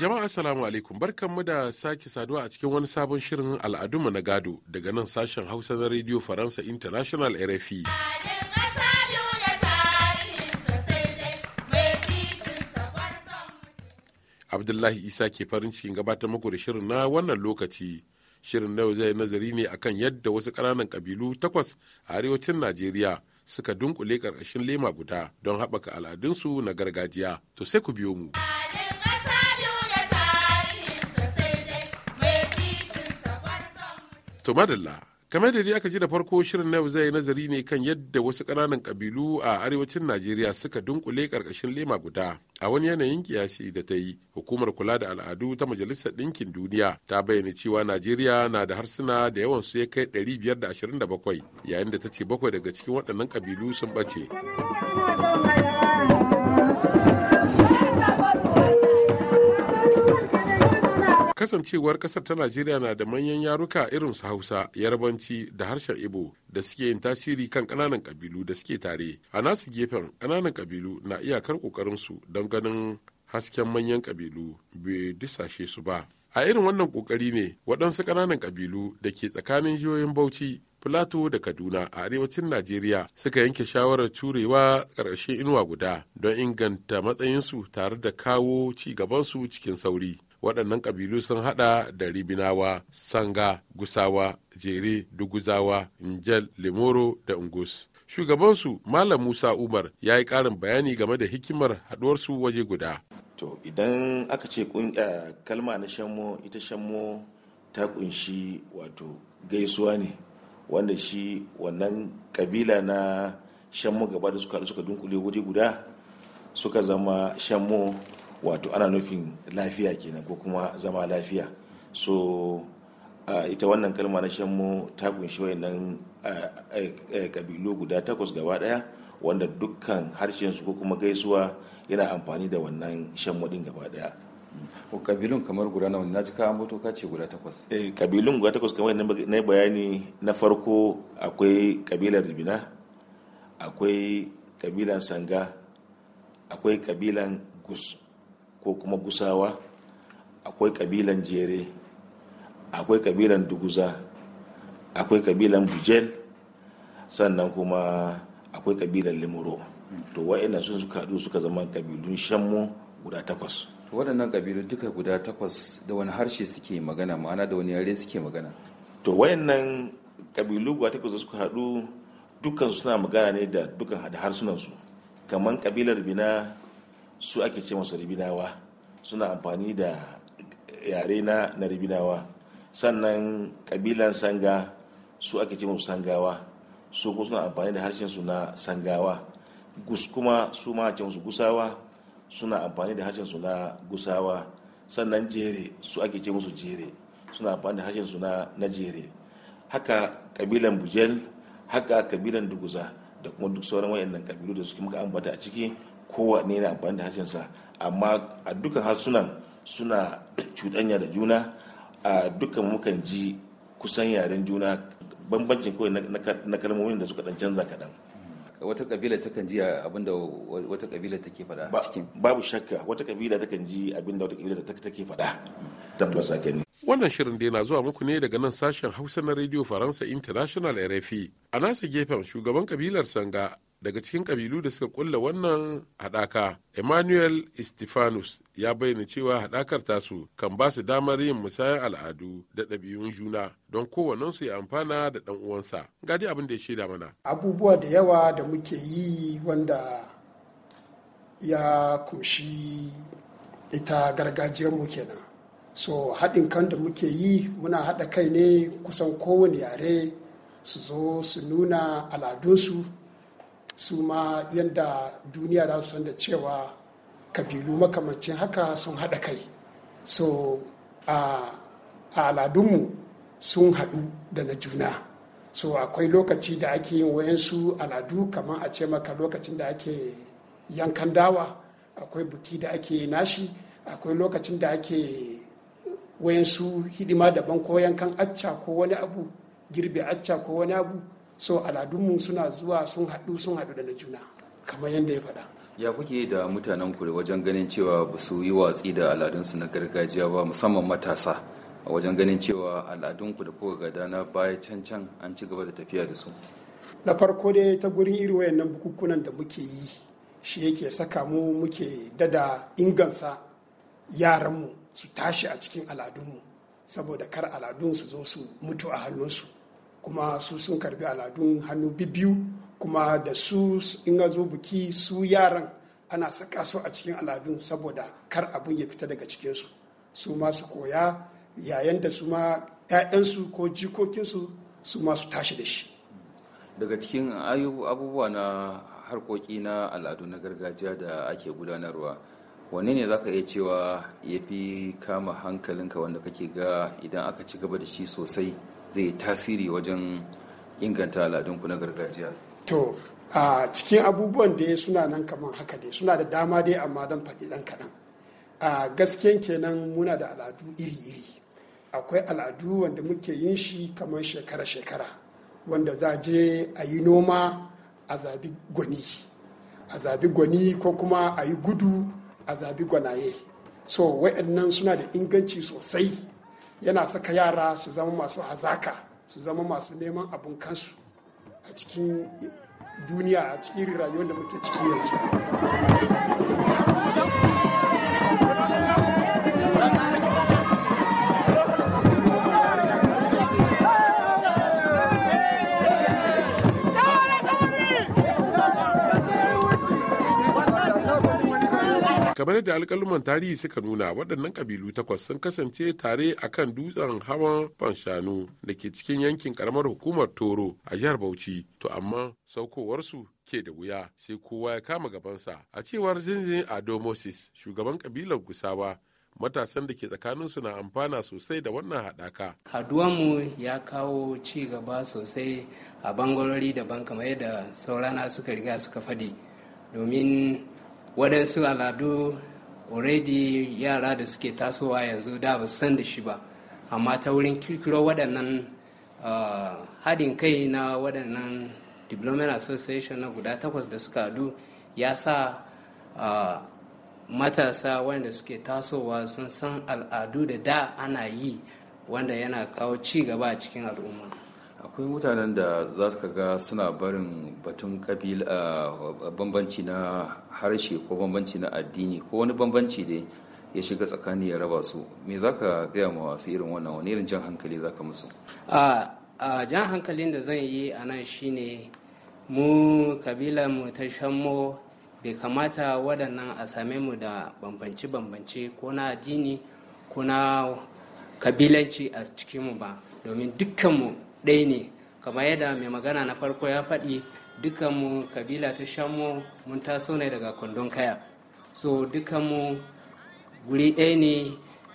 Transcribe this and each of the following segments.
Jama'a Assalamu alaikum barkanmu da sake saduwa a cikin wani sabon shirin al'adunmu na gado daga nan sashen Hausa na Radio Faransa International RFI. Abdullahi Isa ke farin cikin gabatar muku da shirin na wannan lokaci. Shirin na zai nazari ne akan yadda wasu ƙananan ƙabilu takwas a arewacin Najeriya suka dunkule ƙarƙashin lema guda don haɓaka al'adunsu na gargajiya. To sai ku biyo mu. To madalla, kamar da aka ji da farko shirin na zai nazari ne kan yadda wasu ƙananan kabilu a arewacin Najeriya suka dunkule ƙarƙashin lema guda. A wani yanayin kiyashi da ta yi, hukumar kula da al'adu ta Majalisar Ɗinkin Duniya ta bayyana cewa Najeriya na da harsuna da yawan su ya kai 527, yayin da ta ce bakwai daga cikin waɗannan ƙabilu sun ɓace. kasancewar kasar ta najeriya na da manyan yaruka irin su hausa yarbanci da harshen ibo da suke yin tasiri kan kananan kabilu da suke tare a nasu gefen kananan kabilu na iyakar kokarin su don ganin hasken manyan kabilu bai dusashe su ba a irin wannan kokari ne waɗansu kananan kabilu da ke tsakanin jihohin bauchi Filato da Kaduna a arewacin Najeriya suka yanke shawarar turewa ƙarshen inuwa guda don inganta matsayinsu tare da kawo ci gabansu cikin sauri. waɗannan ƙabilu sun haɗa da ribinawa sanga gusawa jere duguzawa injel limoro da ungus shugabansu malam musa umar ya yi ƙarin bayani game da hikimar haɗuwarsu waje guda to idan aka ce kalma na shanmo ita shanmo ta kunshi wato gaisuwa ne wanda shi wannan ƙabila na shanmo gaba da suka suka dunkule wuri guda suka zama shanmo wato ana nufin lafiya kenan ko kuma zama lafiya so ita wannan kalma na shanmu ta kunshi wayannan kabilu guda takwas gaba daya wanda dukkan harshensu ko kuma gaisuwa yana amfani da wannan shanmu din gaba daya kabilun kamar guda nawa na ji ka ka ce guda takwas eh kabilun guda takwas kamar na bayani na farko akwai kabilar ribina akwai kabilan sanga akwai kabilan gus ko kuma gusawa akwai kabilan jere akwai kabilan duguza akwai kabilan bujel sannan kuma akwai kabilan limuro to wa'ina sun suka haɗu suka zama kabilun shanmu guda takwas waɗannan kabilu duka guda takwas da wani harshe suke magana ma'ana da wani yare suke magana to wayannan kabilu guda takwas da suka haɗu dukkan suna magana ne da dukkan harsunansu kamar kabilar bina su ake ce masu ribinawa suna amfani da yare na ribinawa sannan kabilan sanga su ake ce masu sangawa su kuma suna amfani da harshen su na sangawa gus kuma su ma ce masu gusawa suna amfani da harshen su na gusawa sannan jere su ake ce musu jere suna amfani da harshen su na jere haka kabilan bujel haka kabilan duguza da kuma duk sauran wayannan kabilu da suke muka ambata a ciki kowane na amfani da harshensa amma a dukkan harsunan suna cuɗanya da juna a dukkan mukan ji kusan yaren juna bambancin kawai na kalmomin da suka dan canza kaɗan. wata kabila takan ji abin da wata kabila take faɗa cikin babu shakka wata kabila takan ji abin da wata kabila take faɗa tabbas haka ne wannan shirin dai na zuwa muku ne daga nan sashen hausa na radio faransa international rfi a nasa gefen shugaban kabilar sanga daga cikin kabilu da suka kulla wannan haɗaka emmanuel istifanus ya bayyana cewa haɗakar tasu kan ba su damar yin musayan al'adu da ɗabi'un juna don kowannensu ya amfana da ɗan uwansa gadi abin da ya shaida mana abubuwa da yawa da muke yi wanda ya kunshi ita gargajiyar mu kenan so haɗin kan da muke yi muna haɗa kai ne kusan kowane yare su zo su nuna al'adunsu su ma yadda duniya za su san da cewa kabilu makamancin haka sun haɗa kai so a al'adunmu sun haɗu da na juna so akwai lokaci da ake yin wayansu al'adu kamar a ce maka lokacin da ake yankan dawa akwai buki da ake nashi akwai lokacin da ake wayansu hidima daban ko yankan acca ko wani abu girbe acca ko wani abu so al'adunmu suna zuwa sun haɗu sun haɗu da na juna kamar yadda ya faɗa ya kuke da mutanen ku wajen ganin cewa ba su yi watsi da al'adunsu na gargajiya ba musamman matasa a wajen ganin cewa al'adunku da kuka gada na baya can can an ci gaba da tafiya da su na farko dai ta gurin iri wayannan bukukunan da muke yi shi yake saka mu muke dada ingansa yaranmu su tashi a cikin al'adunmu saboda kar al'adun su zo su mutu a hannunsu kuma su sun karbi aladun hannu biyu kuma da su in zo biki su yaran ana saka su a cikin aladun saboda kar abin ya fita daga cikinsu su ma su koya yayin da su ma 'ya'yansu ko jikokinsu su ma su tashi da shi daga cikin abubuwa na harkoki na al'adu na gargajiya da ake gudanarwa wane ne zaka iya cewa ya fi kama hankalinka wanda kake ga idan aka ci gaba da shi sosai zai tasiri wajen inganta al'adunku na gargajiya to a cikin abubuwan da suna nan kamar haka dai suna da dama dai amma dan faɗi ɗan kaɗan a gaskiyan kenan muna da al'adu iri-iri akwai al'adu wanda muke yin shi kamar shekara-shekara wanda za je a yi noma a zabi gwani a zabi gwani ko kuma a yi gudu a zabi gwanaye so wa'annan suna da inganci sosai yana saka yara su zama masu hazaka su zama masu neman abin kansu a cikin duniya a cikin rayuwar da muke ciki yanzu kamar da alkaluman tarihi suka nuna waɗannan kabilu takwas sun kasance tare a kan dutsen hawan fanshanu da ke cikin yankin karamar hukumar toro a jihar bauchi to amma saukowarsu ke da wuya sai kowa ya kama gabansa a cewar zinzin ado moses shugaban kabilar gusawa matasan da ke tsakaninsu na amfana sosai da wannan haɗaka. Haduwanmu ya kawo ci gaba sosai a bangarori daban kamar yadda saurana suka riga suka fadi domin waɗansu al'adu already yara da suke tasowa yanzu da ba san da shi ba amma ta wurin kirkiro waɗannan ah, haɗin kai na waɗannan development association na guda takwas da suka hadu ya sa ah, matasa wanda suke tasowa sun san al'adu da da ana yi wanda yana kawo ci gaba a cikin al'umma akwai mutanen da za su ga suna barin batun bambanci na harshe ko bambanci na addini ko wani bambanci dai ya shiga tsakani ya raba su me za ka gaya ma wasu irin wannan wani irin jan hankali za ka musu a jan hankalin da zan yi a nan shine mu kabila mu ta shammo bai kamata waɗannan a same mu da bambance-bambance ko na addini ko na kabilanci a cikinmu ba domin dukkanmu ɗaya ne kamar yadda mai magana na farko ya faɗi dukkanmu kabila ta shanmu mun taso ne daga kundin kaya so dukkanmu guri ɗaya ne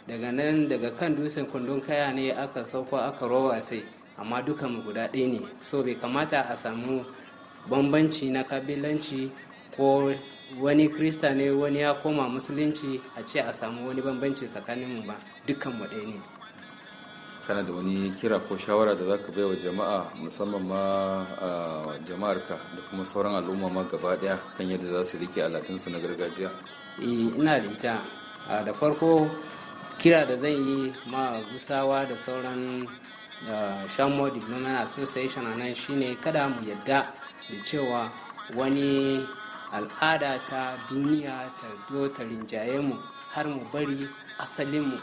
daga nan daga kan dutsen kundin kaya ne aka sauko aka rowa sai amma dukkanmu guda ɗaya ne so bai kamata a samu bambanci na kabilanci ko wani krista ne wani ya koma musulunci a ce a samu wani bambanci tsakaninmu ba dukkanmu ɗaya ne kana da wani kira ko shawara da za ka bai wa jama'a musamman ma jama'arka da kuma sauran al'umma ma gaba daya kan yadda za su rike al'adunsu na gargajiya eh ina da ita da farko kira da zan yi ma gusawa da sauran shamo development association a nan shine kada mu yadda da cewa wani al'ada ta duniya ta zo ta rinjaye mu har mu bari asalinmu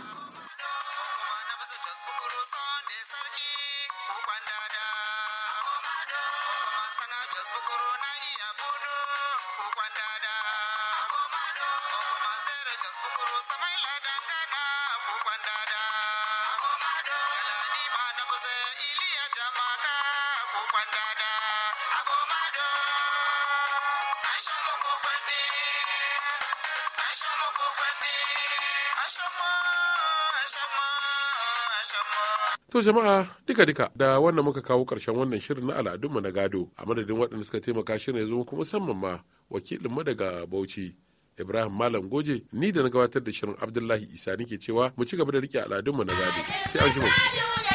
To jama'a duka duka da wannan muka kawo ƙarshen wannan shirin na al'adunmu na gado a madadin waɗanda suka taimaka shirin ya kuma musamman ma wakilin wakilinmu daga Bauchi. Ibrahim Malam Goje ni da na gabatar da shirin Abdullahi Isa nake cewa mu ci gaba da rike al'adunmu na gado. Sai an shi mu.